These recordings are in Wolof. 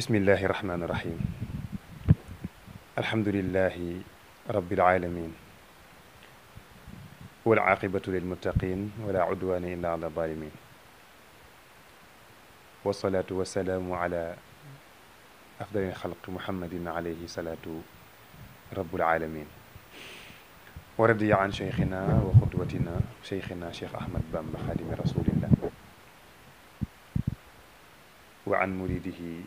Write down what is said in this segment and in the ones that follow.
بسم الله الرحمن الرحيم الحمد لله رب العالمين والعاقبة للمتقين ولا عدوان إلا على الظالمين والصلاة والسلام على أفضل خلق محمد عليه صلاة رب العالمين ورضي عن شيخنا وخطوتنا شيخنا شيخ أحمد بن خادم رسول الله وعن مريده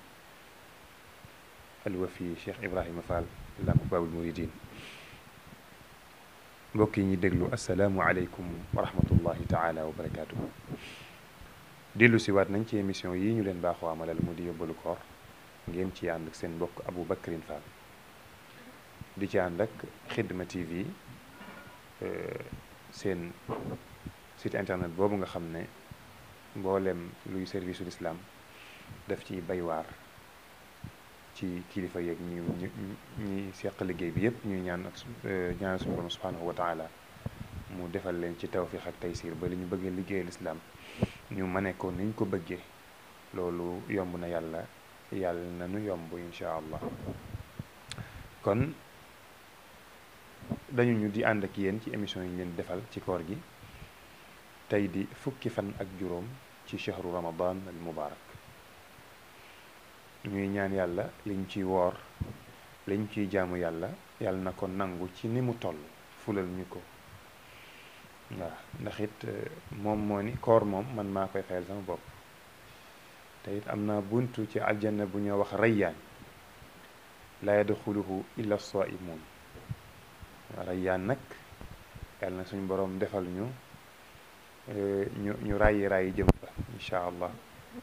alwafi Cheikh Ibrahima Fall laamu baabul muridin mbokk yi ñuy déglu asalaamualeykum wa rahmatullahi taala wa barakaatuhu dellu si waat nañ ci émission yi ñu leen baaxoo amalal mu di yóbbalu koor ngeen ci ànd ak seen mbokk Abou Bakrin Fall di ci ànd ak Xidma TV seen site internet boobu nga xam ne mboolem luy service ul islam daf ciy baywaar ci kilifa yeeg ñi ñu ñi seq liggey bi yëpp ñuy ñaan ak ñaan suñu borom subhanahu wa taala mu defal leen ci tawfiq ak taysir ba li ñu bëggee liggéeyal l'islam ñu mane ko niñ ko bëggee loolu yomb na yàlla yàlla na nu yomb incha allah kon dañu ñu di ànd ak yéen ci émission yi ñu leen defal ci koor gi tey di fukki fan ak juróom ci shahru ramadan al mubarak ñuy ñaan yàlla liñ ci woor liñ ciy jaamu yàlla yàlla na ko nangu ci ni mu toll fulal ñu ko waaw ndax it euh, moom moo ni koor moom man maa koy fayal sama bopp te am na buntu ci aljanna bu ñoo wax rayyaan laa yadxuluhu illa moom rayyaan nag yàlla na suñu boroom defal ñu euh, ñu ñu ràyyi ràyyi jëm fa incha allah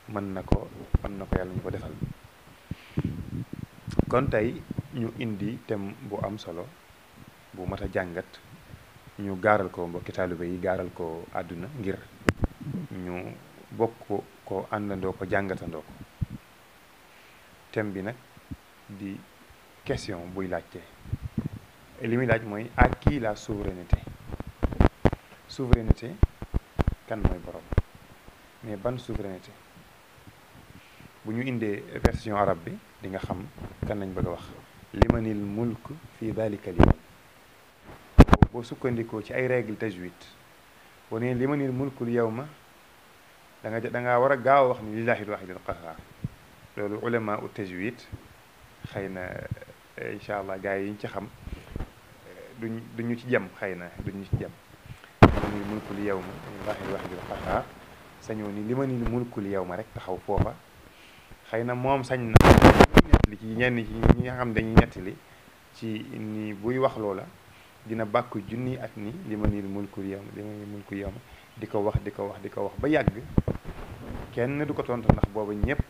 mën na ko am na ko yàlla ñu ko defal kon tey ñu indi tem bu am solo bu mat a jàngat ñu gaaral ko mbokki taalibe yi gaaral ko àdduna ngir ñu bokk ko àndandoo ko jàngatandoo ko thème bi nag di question buy laajte li muy laaj mooy ak kii la souveraineté souveraineté kan mooy borom mais ban souveraineté bu ñu indee version arab bi di nga xam kan lañ bëgg wax limanil mulk fi dalikal yawm boo sukkandikoo ci ay règle tajwid woné limanil mulk al yawma da nga da nga wara gaaw wax ni lillahi al-wahid al qahhar lolu ulama u tajwid xeyna inshallah gaay allah yi ñu ci xam duñ duñu ci jëm xeyna duñu ci jëm limanil mulk al yawma lillahi al-wahid al qahhar sañu ni limanil mulk al yawma rek taxaw fofa xëy na moom sañ na li ci ñenn ci nga xam dañuy nettali ci ni buy wax loola dina bàkk junni at ni li ma niil mulku yawm li ma niil mulku di ko wax di ko wax di ko wax ba yàgg kenn du ko tontu ndax booba ñëpp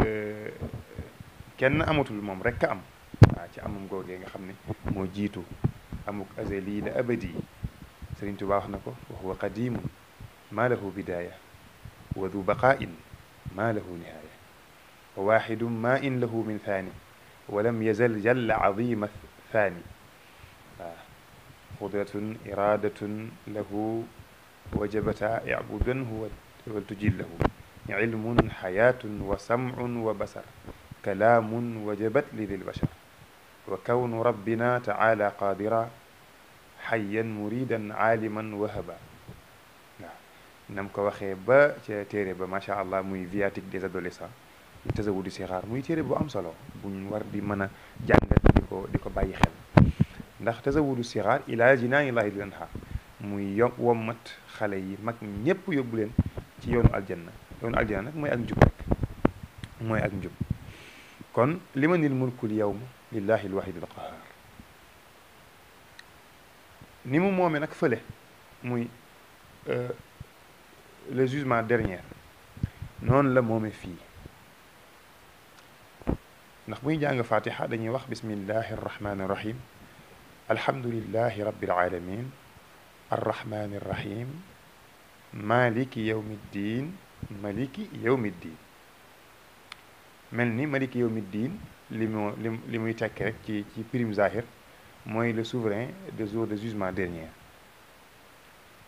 euh, kenn amatul moom rek am waaw ci amum googee nga xam ne moo jiitu amuk azali la abadi Sëriñ Tuubaa wax na ko wa huwa qadimun maa lahu bidaaya wa du baqaa'in maa lahu nihaaya وواحد ما إن له من ثاني ولم يزل جل عظيم الثاني قدرة إرادة له وجبت اعبدنه ولتجل له علم حياة وسمع وبصر كلام وجبت لذي البشر وكون ربنا تعالى قادرا حيا مريدا عالما وهبا نعم ko وخيبا ba ca شاء الله مي allah muy tasawudu sixaar muy téere bu am solo buñ war di mën a jàngat di ko di ko bàyyi xel ndax tasawudu sixaar ilaa jinaanillahi di leen xaar muy yo wommat xale yi mag ñëpp yóbbu leen ci yoonu aljanna yoonu aljanna nag mooy ak njub rek mooy ak njub kon li ma nil mulkul yawma lillahi alwahidil qahaar ni mu moome nag fële muy le jugement dernier noonu la moome fii ndax buy jàng fatiha dañuy wax bismillahi arrahmani irrahim alhamdulilahi rabbil alamin arrahmani irrahim maliki yawmi ddin maliki yawmi ddin mel ni maliki yawmi ddin li mu li muy tekki rek ci ci prime zahir mooy le souverain des jours de jugement dernier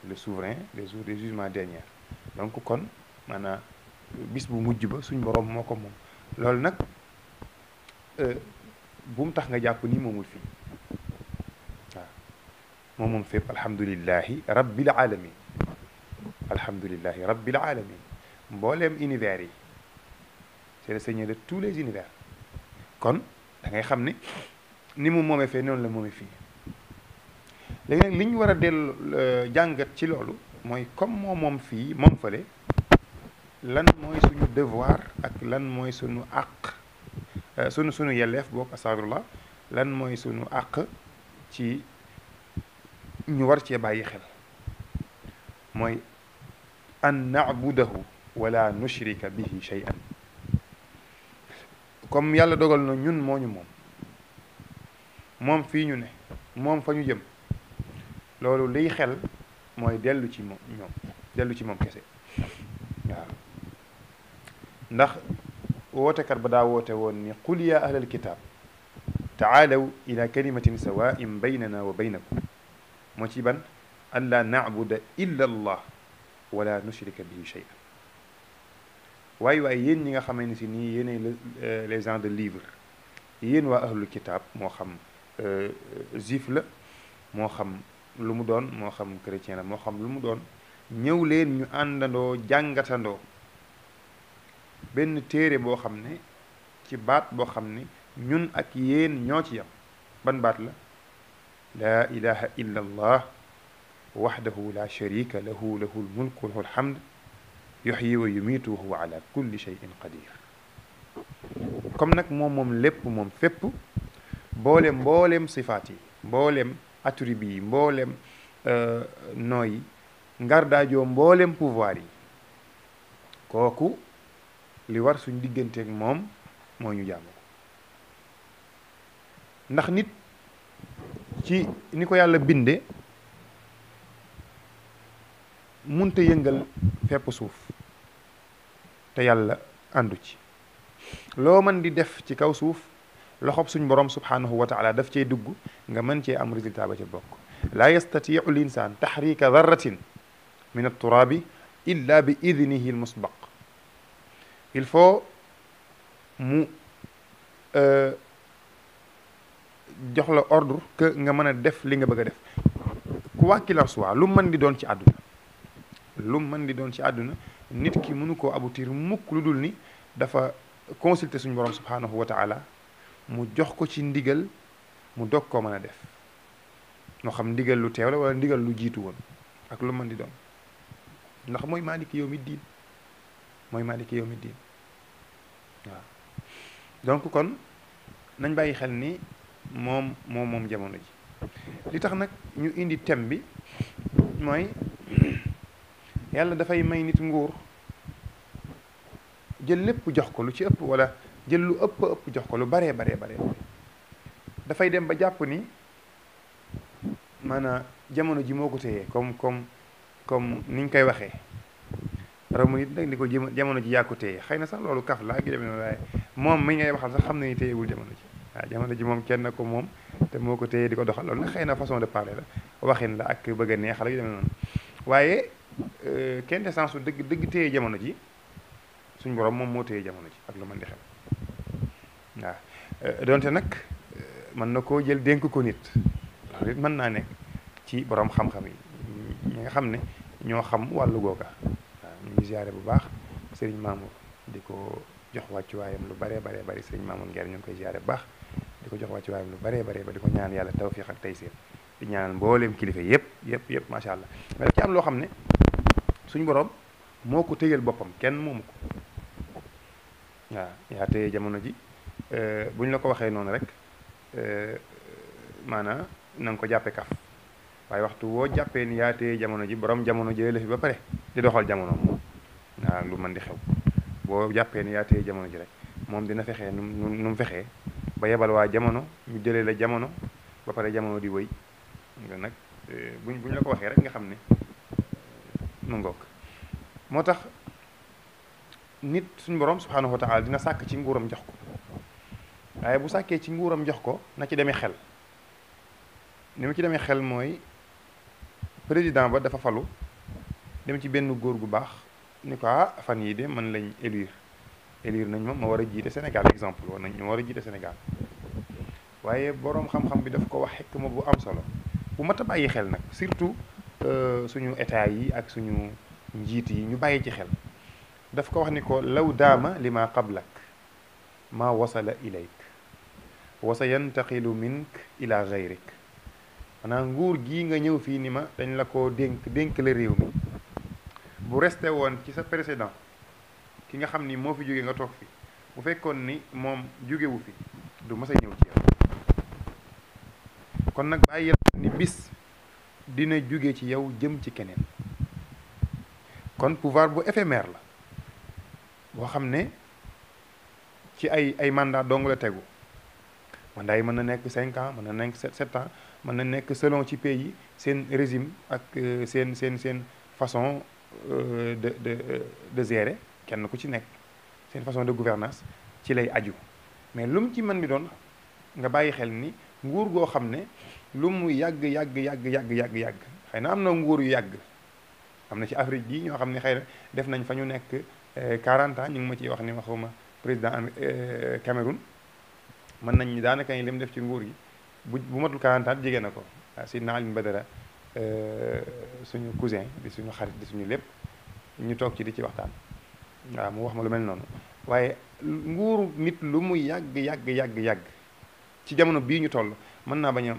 le souverain des jours de jugement dernier donc kon maanaam bis bu mujj ba suñ borom moo ko moom loolu nag bu mu tax nga jàpp ni moomul fii waaw moom moom fépp alhamdulilahi rabbil alamin alhamdulilahi rabbil alamin mbooleem univers yi c'est le seigneur de tous les univers kon da ngay xam ni ni mu moomee fee noonu la moomee fii léegi nag li ñu war a dellu jàngat ci loolu mooy comme moom moom fii moom fële lan mooy suñu devoir ak lan mooy suñu àq sunu sunu yelleef boog astaghfirullah lan mooy sunu àq ci ñu war cee bàyyi xel mooy an na'budahu wala nushrika bihi shay'an comme yàlla dogal na ñun moo ñu moom moom fii ñu ne moom fa ñu jëm loolu liy xel mooy dellu ci moom ñoom dellu ci moom kese waaw ndax ووتا كربدا ووتا وني قل يا أهل الكتاب تعالوا إلى كلمة سواء بيننا وبينكم مجيبا ألا نعبد إلا الله ولا نشرك به شيئا واي واي يين نيغا خامي ني يين لي جان دو ليفر يين وا اهل الكتاب مو خام زيف آه، لا مو خام لومو دون مو خام كريتيان مو خام لومو دون نيو لين ني اندالو جانغاتاندو benn téere boo xam ne ci baat boo xam ne ñun ak yéen ñoo ci yam ban baat la laa ilaha illa allah wahdahu la sharika lahu lahu wa lahu alhamd yuxyi wa yumiitu wa huwa ala kulli cheyin qadir comme nag moom moom lépp moom fépp mboolem mboolem sifaat yi mboolem attribut yi mboolem noo yi ngar mboolem pouvoir yi kooku li war suñ digganteek moom moo ñu jaamu ko ndax nit ci ni ko yàlla binde munta yëngal fepp suuf te yàlla àndu ci loo mën di def ci kaw suuf loxob suñ borom subhanahu wa taala daf cee dugg nga mën cee am résultat ba ci bokk laa yastatiu l insaan taxrika darratin min alturabi illa bi idnihi almusbaq il faut mu jox la ordre que nga mën def li nga bëgg def quoi qu'il en soit lu man di doon ci aduna lu man di doon ci aduna nit ki mënu ko aboutir mukk lu dul ni dafa consulter suñu borom subhanahu wa taala mu jox ko ci ndigal mu dog ko mën def no xam ndigal lu teew la wala ndigal lu jitu won ak lu man di doon ndax moy maaliki yow mi diin mooy maaliki yow waaw donc kon nañ bàyyi xel ni moom moom moom jamono ji li tax nag ñu indi thème bi mooy yàlla dafay may nit nguur jël lépp jox ko lu ci ëpp wala jël lu ëpp ëpp jox ko lu baree baree baree dafay dem ba jàpp ni maanaam jamono ji moo ko téye comme comme comme niñ koy waxee ramu nit nag ni ko jamono ji yàkku téye xëy na sax loolu kaf laa gi moom mi ngay waxal sax xam nañu téyewul jamono ji waaw jamono ji moom kenn ko moom te moo ko téye di ko doxal loolu xëy na façon de parler la waxin la ak bëgg a neexal gi demee noonu waaye euh, kenn su dëgg dëgg téye jamono ji suñ borom moom moo téye jamono ji ak lu man di xel euh, donte nag euh, mën na koo jël dénk ko nit loolu it mën naa nekk ci boroom xam-xam yi ñi nga xam ne ñoo xam wàllu googa di bu baax sëriñ Mamour di ko jox wàccuwaayam lu bare bare bari sëriñ Mamour Nguer ñu ngi koy ziare bu baax di ko jox wàccuwaayam lu bare bare ba di ñaan yàlla tawfiq ak taysiir di ñaanal mbooleem kilifa yëpp yëpp yëpp macha allah mais ci am loo xam ne suñ borom moo ko tëyal boppam kenn moomu ko waaw yaa jamono ji euh, bu ñu la ko waxee noonu rek euh, maanaam na ko jàppee kaf waaye waxtu woo jàppee ni yaa jamono ji borom jamono jëlee la fi ba pare di doxal jamono ak lu man di xew boo jàppee ni yaa téye jamono ji rek moom dina fexee nu mu nu mu fexee ba yebal waa jamono ñu jëlee la jamono ba pare jamono di wëy nga nag euh, buñ buñ la ko waxee rek nga xam ne mu ngoog moo tax nit suñ boroom subhanahu wa taala dina sàkk ci nguuram jox ko waaye bu sàkkee ci nguuram jox ko na ci demee xel ni mu ci demee xel mooy président ba dafa falu dem ci benn góor gu baax ni ko ah fan yii de man lañ élire élire nañ ma ma war a jiite Sénégal exemple war nañ ma war a jiite Sénégal waaye boroom xam-xam bi daf ko wax xekk ma bu am solo bu mat a bàyyi xel nag surtout suñu état yi ak suñu njiit yi ñu bàyyi ci xel daf ko wax ni ko law daama li ma qablak ma wasala ilayk wa sa yantaqilu mink ila gayrik maanaam nguur gii nga ñëw fii ni ma dañ la ko dénk dénk la réew mi bu resté woon ci sa président ki nga xam ni moo fi jóge nga toog fi bu fekkoon ni moom jógewu fi du mës a ñëw ci yow kon nag bàyyi ni bis dina jóge ci yow jëm ci keneen kon pouvoir bu éphémère la boo xam ne ci ay ay mandat dong la tegu mandat yi mën na nekk cinq ans mën na nekk sept ans mën na nekk selon ci pays seen régime ak euh, seen seen seen façon Euh, de de de gérer kenn ku ci c'est façon de gouvernance ci lay aju mais ci mi nga ni 40 euh, ans ñu président euh, Cameroun 40 ans Euh, suñu cousin di suñu xarit di suñu lépp ñu toog ci di ci waxtaan waaw mu wax ma lu mel noonu waaye nguur nit lu mu yàgg yàgg yàgg yàgg ci jamono bii ñu toll mën naa bañ a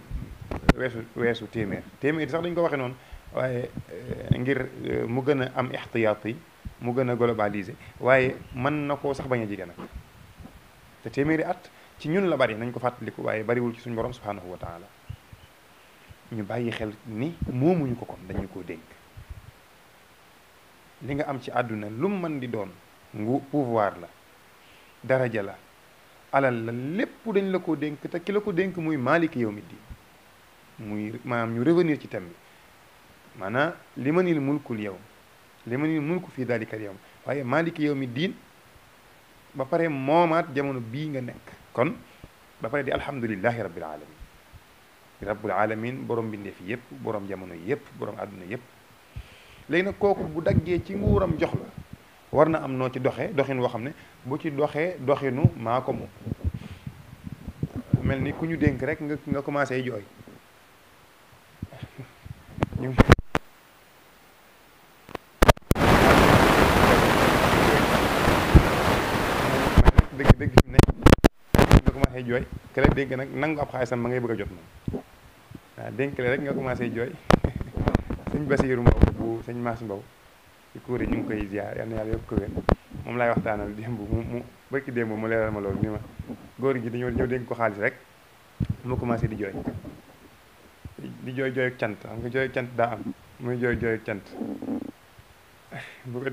weesu weesu téeméer téeméer sax dañ ko waxee noonu waaye euh, ngir euh, mu gën a am ixtiyaat yi mu gën a globalisé waaye mën na koo sax bañ a jege nag te téeméeri at ci ñun la bari nañ ko fàttaliku waaye bariwul ci suñu borom subhanahu wa taala ñu bayyi xel ni moomuñu ko kon dañu ko dénk li nga am ci aduna lu di doon ngu pouvoir la daraja la alal la lepp dañ la ko denk ta ki la ko denk muy malik yow di muy manam ñu revenir ci tammi mana limanil mulku ma nil mulku fi daalikal yow waaye maalik yow ba pare momat jamono bi nga nek kon ba pare di alhamdulillahi rabbil alamin rabbul alamin borom bindeef yëpp borom jamono yëpp borom àdduna yëpp léegi nag kooku bu daggee ci nguuram jox la war na am noo ci doxee doxin woo xam ne bu ci doxee doxinu maa ko mu mel ni ku ñu dénk rek nga commencé jooy dëgg dëgg fi mu jooy kele dégg nag nangu ab xaalisam ma ngay bëgg jot moom waaw dénk la rek nga commencé jooy sëñ Basiiru Mbow bu sëñ Maas Mbow ci kuur ñu ngi koy ziar yal moom laay waxtaanal démb mu mu mu leeral ma loolu ni góor gi dañoo ñëw dénk ko xaalis rek mu commencé di jooy di jooy jooy ak cant daa muy jooy jooy cant bu ko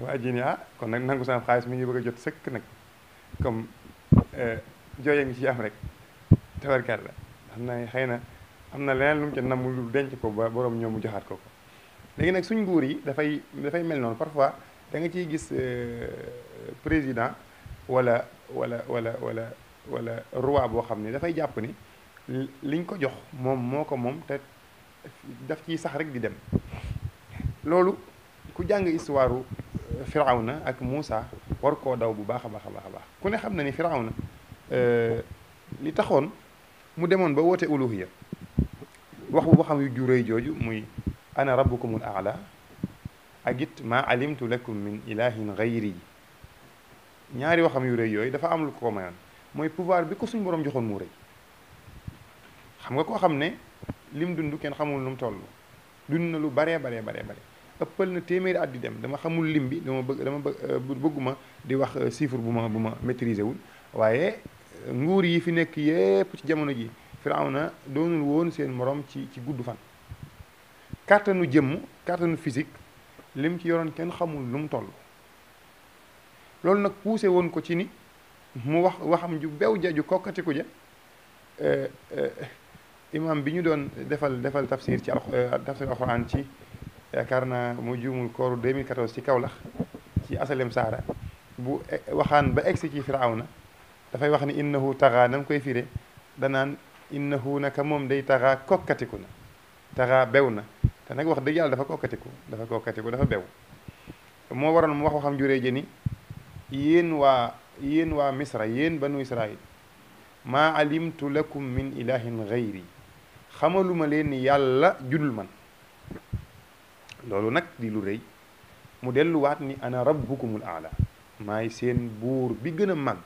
waa ji ni ah kon nag nangu xaalis mi ngi bëgg a jot sëkk nag comme eh, jooy ngi ci am rek tabarkaat la xam naa xëy na am na leneen lu mu ca namm lu denc ko ba borom ñoom mu joxaat ko ko léegi nag suñ nguur yi dafay dafay mel noonu parfois da nga ciy gis euh, président wala wala wala wala wala roi boo xam ni dafay jàpp ni liñ ko jox moom moo ko moom te daf ci sax rek di dem loolu ku jàng histoire euh, na ak Moussa war koo daw bu baax a baax a baax a ku ne xam na ni Firawna euh, li taxoon mu demoon ba woote uluhiya waxu waxam yu juréy jooju muy ana rabbukumul aala ak it maa alimtu lakum min ilahin gayri ñaari waxam yu rëy yooyu dafa am lu ko mayoon mooy pouvoir bi ko suñ borom joxoon mu rëy xam nga koo xam ne lim dund kenn xamul nu mu toll dund na lu baree baree baree bare ëppal na téeméeri at di dem dama xamul lim bi dama bëgg dama bëgguma di wax chiffre bu ma bu ma maîtriser wul waaye nguur yi fi nekk yépp ci jamono ji فرعون دون الوون سين مرام تي تي غود فان كارتانو جيم كارتانو فيزيك لم تي يورون كين خامول لوم تول لول نك بوسي وون مو واخ واخام جو بيو جاجو كوكاتيكو جا ا امام بي دون ديفال ديفال تفسير تي تفسير القران تي يكرنا مجوم الكور 2014 تي كاولاخ تي اسلم سارا بو واخان با اكسي فرعون دا فاي انه تغى نام كوي انه نك موم داي كوكاتيكونا تغا بيونا تا نك واخ دغ يال دا فا كوكاتيكو دا فا كوكاتيكو دا فا جوري جيني يين وا يين وا مصر يين بنو اسرائيل ما علمت لكم من اله غيري خمالوما لين يالا جول مان لولو نك دي لو ري مو انا ربكم الاعلى ماي سين بور بي گنا ماغ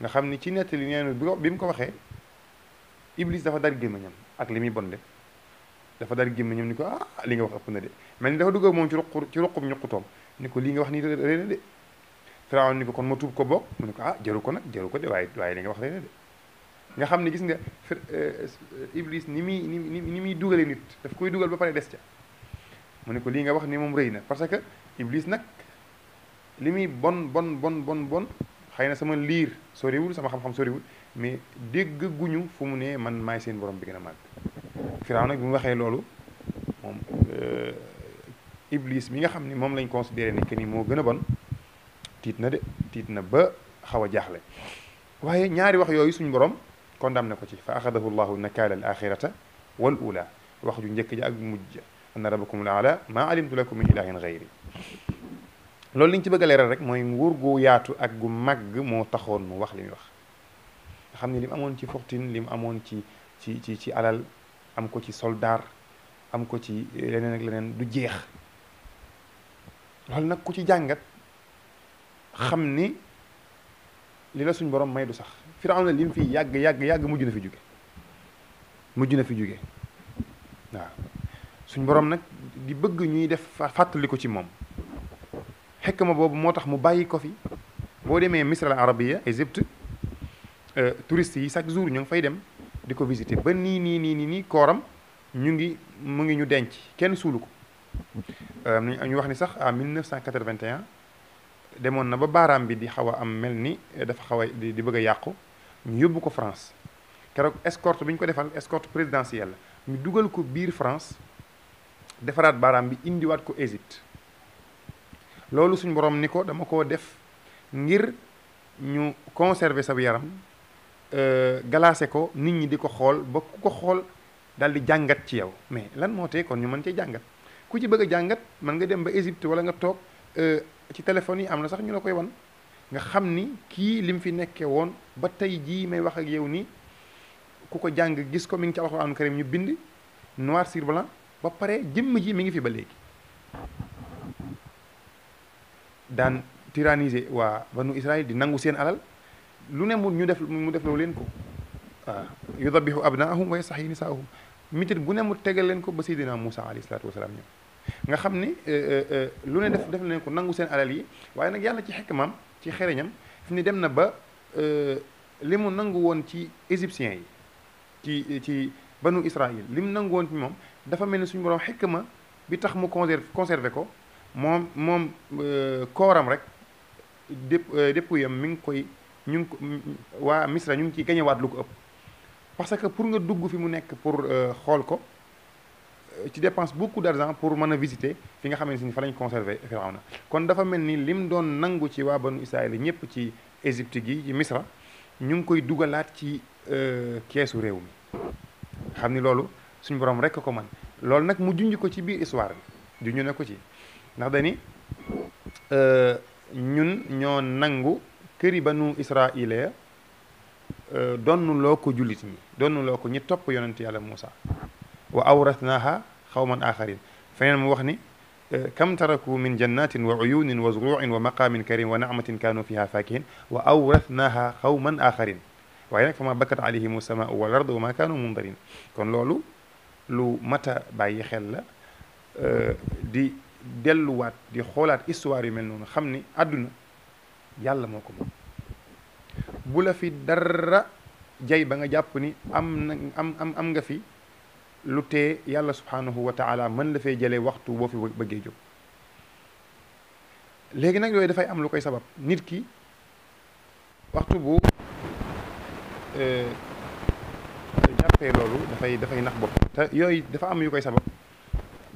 nga xamni ci netali neenu iblis dafa dar ñam ak limi muy bon de dafa dar gémmiñam ñam niko ah li nga wax ak na de melni dafa duggal mom ci ruq ci ruqum ñuqutoom ni ko li nga wax ni rëy de niko kon mo ko bok mu ah jaru ko nak jaru ko de way way li nga wax rëy de nga xamni gis nga eh, iblis ni nimi ni ni muy dugalee nit daf koy duggal ba pare dess ca mu ne ko nga wax ni mom reyna parce que iblis nak, limi bon bon bon bon bon xëy sama lire sori wul sama xam-xam wul mais dégg guñu fu mu ne man maay seen borom bi gën a màgg firaaw nag bi mu waxee loolu moom iblis mi nga xam ni moom lañ considéré ne que ni moo gën a bon tiit na de tiit na ba xaw a jaaxle waaye ñaari wax yooyu suñu borom condamné ko ci fa axadahu llahu nakala al axirata wal ula wax ju njëkk ja ak mujj anna rabbakum al aala ma alimtu lakum min ilahin gayri loolu liñ ci bëgg a leeral rek mooy nguur yaatu ak gu màgg moo taxoon mu wax li muy wax xam ne li amoon ci fortune li mu amoon ci ci ci ci alal am ko ci soldaar am ko ci eh, leneen ak leneen du jeex loolu nag ku ci jàngat xam ni li la suñ borom may du sax Firawna li mu fi yàgg yàgg yàgg mujj na fi jóge mujj na fi jóge waaw suñ boroom nag di bëgg ñuy def fàttali ci moom xekk ma boobu moo tax mu bàyyi ko fi boo demee misra al arabia Euh, touristes yi chaque jour ñong fay dem di ko visiter ba ni ni ni ni koram ñu ngi mu ngi ñu denc kenn suulu ko euh, ñu wax ni sax en 1981 demoon na ba baram bi di xawa am melni dafa xawa di bëgg yaqku buko ñu yobbu ko France keroog escorte biñ ko defal escorte présidentielle ñu duggal ko biir France defaraat baram bi wat ko Égypte lolu suñ borom niko dama ko def ngir ñu conserver sa yaram Euh, galaase ko nit ñi di ko xool ba ku ko xool daal di jàngat ci yow mais lan moo tee kon ñu mën cee jàngat ku ci bëgg a jàngat mën nga dem ba Égypte wala nga toog euh, ci téléphone yi am na sax ñu la koy wan nga xam ni kii lim fi nekkee woon ba tey jii may wax ak yow nii ku ko jàng gis ko mi ngi ci alxuraan karim ñu bind noir sur blanc ba pare jëmm ji mi ngi fi ba léegi daan tyranniser waa banu Israël di nangu seen alal lu ne mu ñu def mu def loo leen ko waaw yudabihu abnaahum wa yastaxyi nisaahum mitir bu ne mu tegal leen ko ba seydina Moussa alayhi salaatu wasalaam ñëw nga xam ni lu ne def def leen ko nangu seen alal yi waaye nag yàlla ci xekmaam ci xereñam fi ni dem na ba li mu nangu woon ci égyptiens yi ci ci banu Israël li mu nangu woon ci moom dafa mel ni suñu borom xekma bi tax mu conserve conservé ko moom moom kooram rek dép dépouillam mi ngi koy. ñu ngi ko waa Misra ñu ngi ciy gañewaat lu ko ëpp parce que pour nga dugg fi mu nekk pour euh, xool ko ci euh, dépense beaucoup d'argent pour mën a visité fi nga xamante ni fa lañ conservé na kon dafa mel ni lim doon nangu ci waa banu Israël ñëpp ci Égypte gi ci Misra ñu ngi koy dugalaat ci euh, keesu réew mi xam ni loolu suñu borom rekk ko man loolu nag mu junj ko ci biir histoire bi du ñu ne ko ci ndax dani ñun ñoo nangu keri banu israila euh, donu loko julit ni donu loko ñi top yonent yalla musa wa awrathnaha khawman akharin fenen mu wax ni كم تركوا من جنات وعيون وزروع ومقام كريم ونعمة كانوا فيها فاكهين وأورثناها قوما آخرين وإنك فما بكت عليه السماء والأرض وما كانوا منظرين كون لولو لو متى باي خلا دي دلوات دي خولات إسواري من نون خمني أدنى yàlla moo ko moom bu la fi dara jay ba nga jàpp ni am na am am am nga fi lu tee yàlla subhanahu wa taala mën la fee jëlee waxtu boo fi bëggee jóg léegi nag yooyu dafay am lu koy sabab nit ki waxtu bu euh, jàppee loolu dafay dafay nax bopp yooyu dafa am yu koy sabab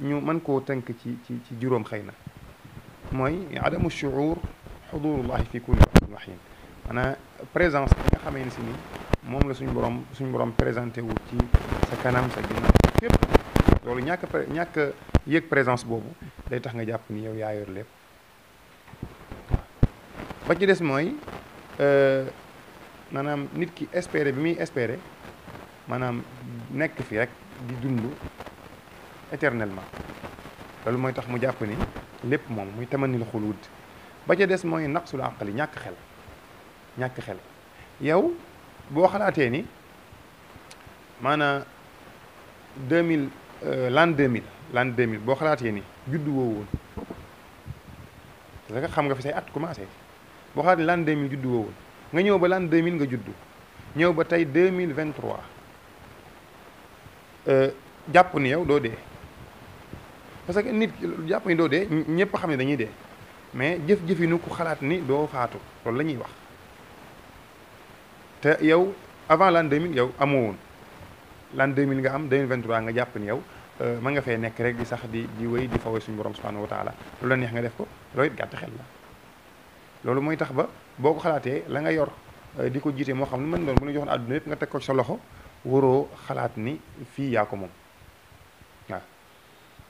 ñu mën koo tënk ci ci ci juróom xëy na mooy adamu shuur حضور الله في كل rahim maanaam présence bi nga xamee ne موم لا سوني بروم سوني بروم بريزانتي وو تي سا كانام سا جينا sa لول نياك نياك ييك ñàkk بوبو داي boobu nga jàpp ni yow yaa yor lépp ba ci dess moy euh manam nit ki espérer bi mi espérer manam nek fi rek di dund éternellement lolou moy tax mu jàpp ni lépp mom muy tamani tamanil khulud ba ca des mooy naqsul àqli ñàkk xel ñàkk xel yow boo xalaatee ni maanaam deux mille euh, l'an deux mille l'an deux mille boo xalaatee ni juddu woo woon parce que xam nga fi say at commencé boo xalaatee l'an deux mille juddu woo woon nga ñëw ba l'an deux mille nga juddu ñëw ba tey deux mille vingt trois euh, jàpp ni yow doo dee parce que nit jàpp ni doo dee ñëpp xam ne dañuy dee. mais jëf-jëfinu ku xalaat ni doo faatu loolu la ñuy wax te yow avant l'an 2000 yow amoo woon l'an 2000 nga am 2023 nga jàpp ni yow euh, ma nga fee nekk rek di sax di di wéy di fawe suñu borom subhanahu wa taala lu la neex nga def ko loolu it gàtt xel la loolu mooy tax ba boo ko xalaatee la nga yor euh, di ko jiite moo xam lu mën doon bu ñu joxoon àdduna yëpp nga teg ko sa loxo waroo xalaat ni fii yaa ko moom waaw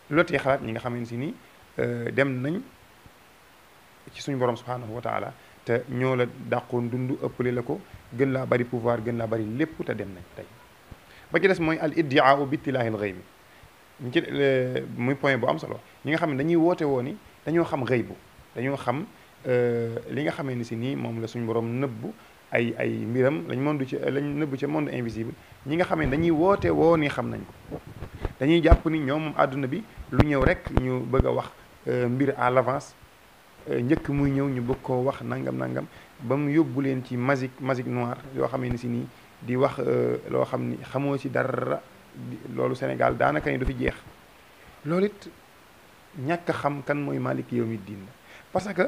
la tee xalaat ñi nga xam ni euh, dem nañ ci suñu borom subhanahu wa taala te ñoo la dàqoon dund ëppale la ko gën laa bari pouvoir gën laa bari lépp te dem nañ tey ba ci des mooy al iddiaa bi ittilaahil xëy bi ñu ci muy point bu am solo ñi nga xam ne dañuy woote woo ni dañoo xam xëy bu dañoo xam euh, li nga xamee ni si nii moom la suñu borom nëbbu ay ay mbiram lañ mën du ci lañ nëbbu ca monde invisible ñi nga xam ne dañuy woote woo xam nañ ko dañuy jàpp ni ñoom moom àdduna bi lu ñëw rek ñu bëgg a wax euh, mbir à l'avance njëkk muy ñëw ñu bëgg koo wax nangam nangam ba mu yóbbu leen ci magique magique noire yoo xamee ni si nii di wax euh, loo xam ni xamoo ci dara loolu Sénégal daanaka ni du fi jeex loolu it ñàkk xam kan mooy Malick yow mi diin parce que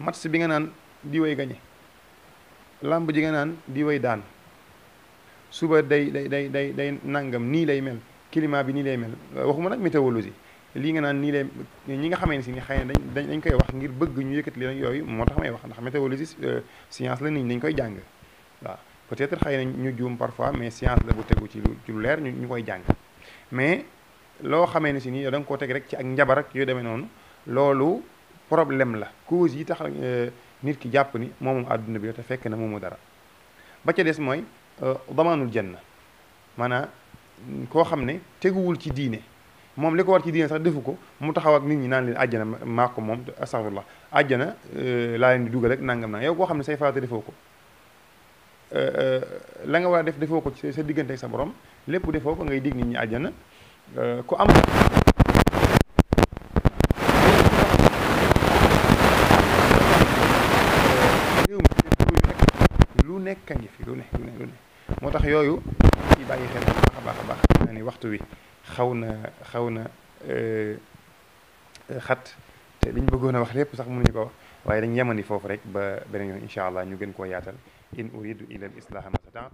match bi nga naan di way gañe làmb ji nga naan di way daan suba day day day day day nangam nii lay mel climat bi nii lay mel waxuma nag météorologie lii nga naan nii lay ñi nga xamee ne si ni xëy na dañ dañ koy wax ngir bëgg ñu yëkkati leen yooyu moo tax may wax ndax météorologie euh, science la nit ñi dañ koy jàng waaw peut-être xëy na ñu juum parfois mais science la bu tegu ci lu ci leer ñu ñu koy jàng mais loo xamee ne si nii da nga koo teg rek ci ak njabar ak yooyu demee noonu loolu problème la cause yi tax euh, nit ki jàpp ni moomu àdduna bi te fekk na moomu dara ba ca des mooy euh, damaanul janna maanaam koo xam ne teguwul ci diine moom li ko war ci diine sax defu ko mu taxaw ak nit ñi naan leen àjjana maa moom moom astafurlah àjjana euh, laa leen di dugal rek nangam naa yow koo xam ne say farata defoo ko euh, euh, nga war def defoo ko ci sa diggante ak sa borom lépp defoo ko ngay dig nit ñi àjjana ku am lu nekk a ngi fi lu ne lu ne moo tax yooyu ci bàyyi xel bu baax a baax a baax ni waxtu wi xaw na xaw na xat te liñ bëggoon a wax lépp sax mënuñu ko wax waaye dañ yemandi foofu rek ba beneen yoon incha allah ñu gën koo yaatal in uridu ila al islaha ma stataat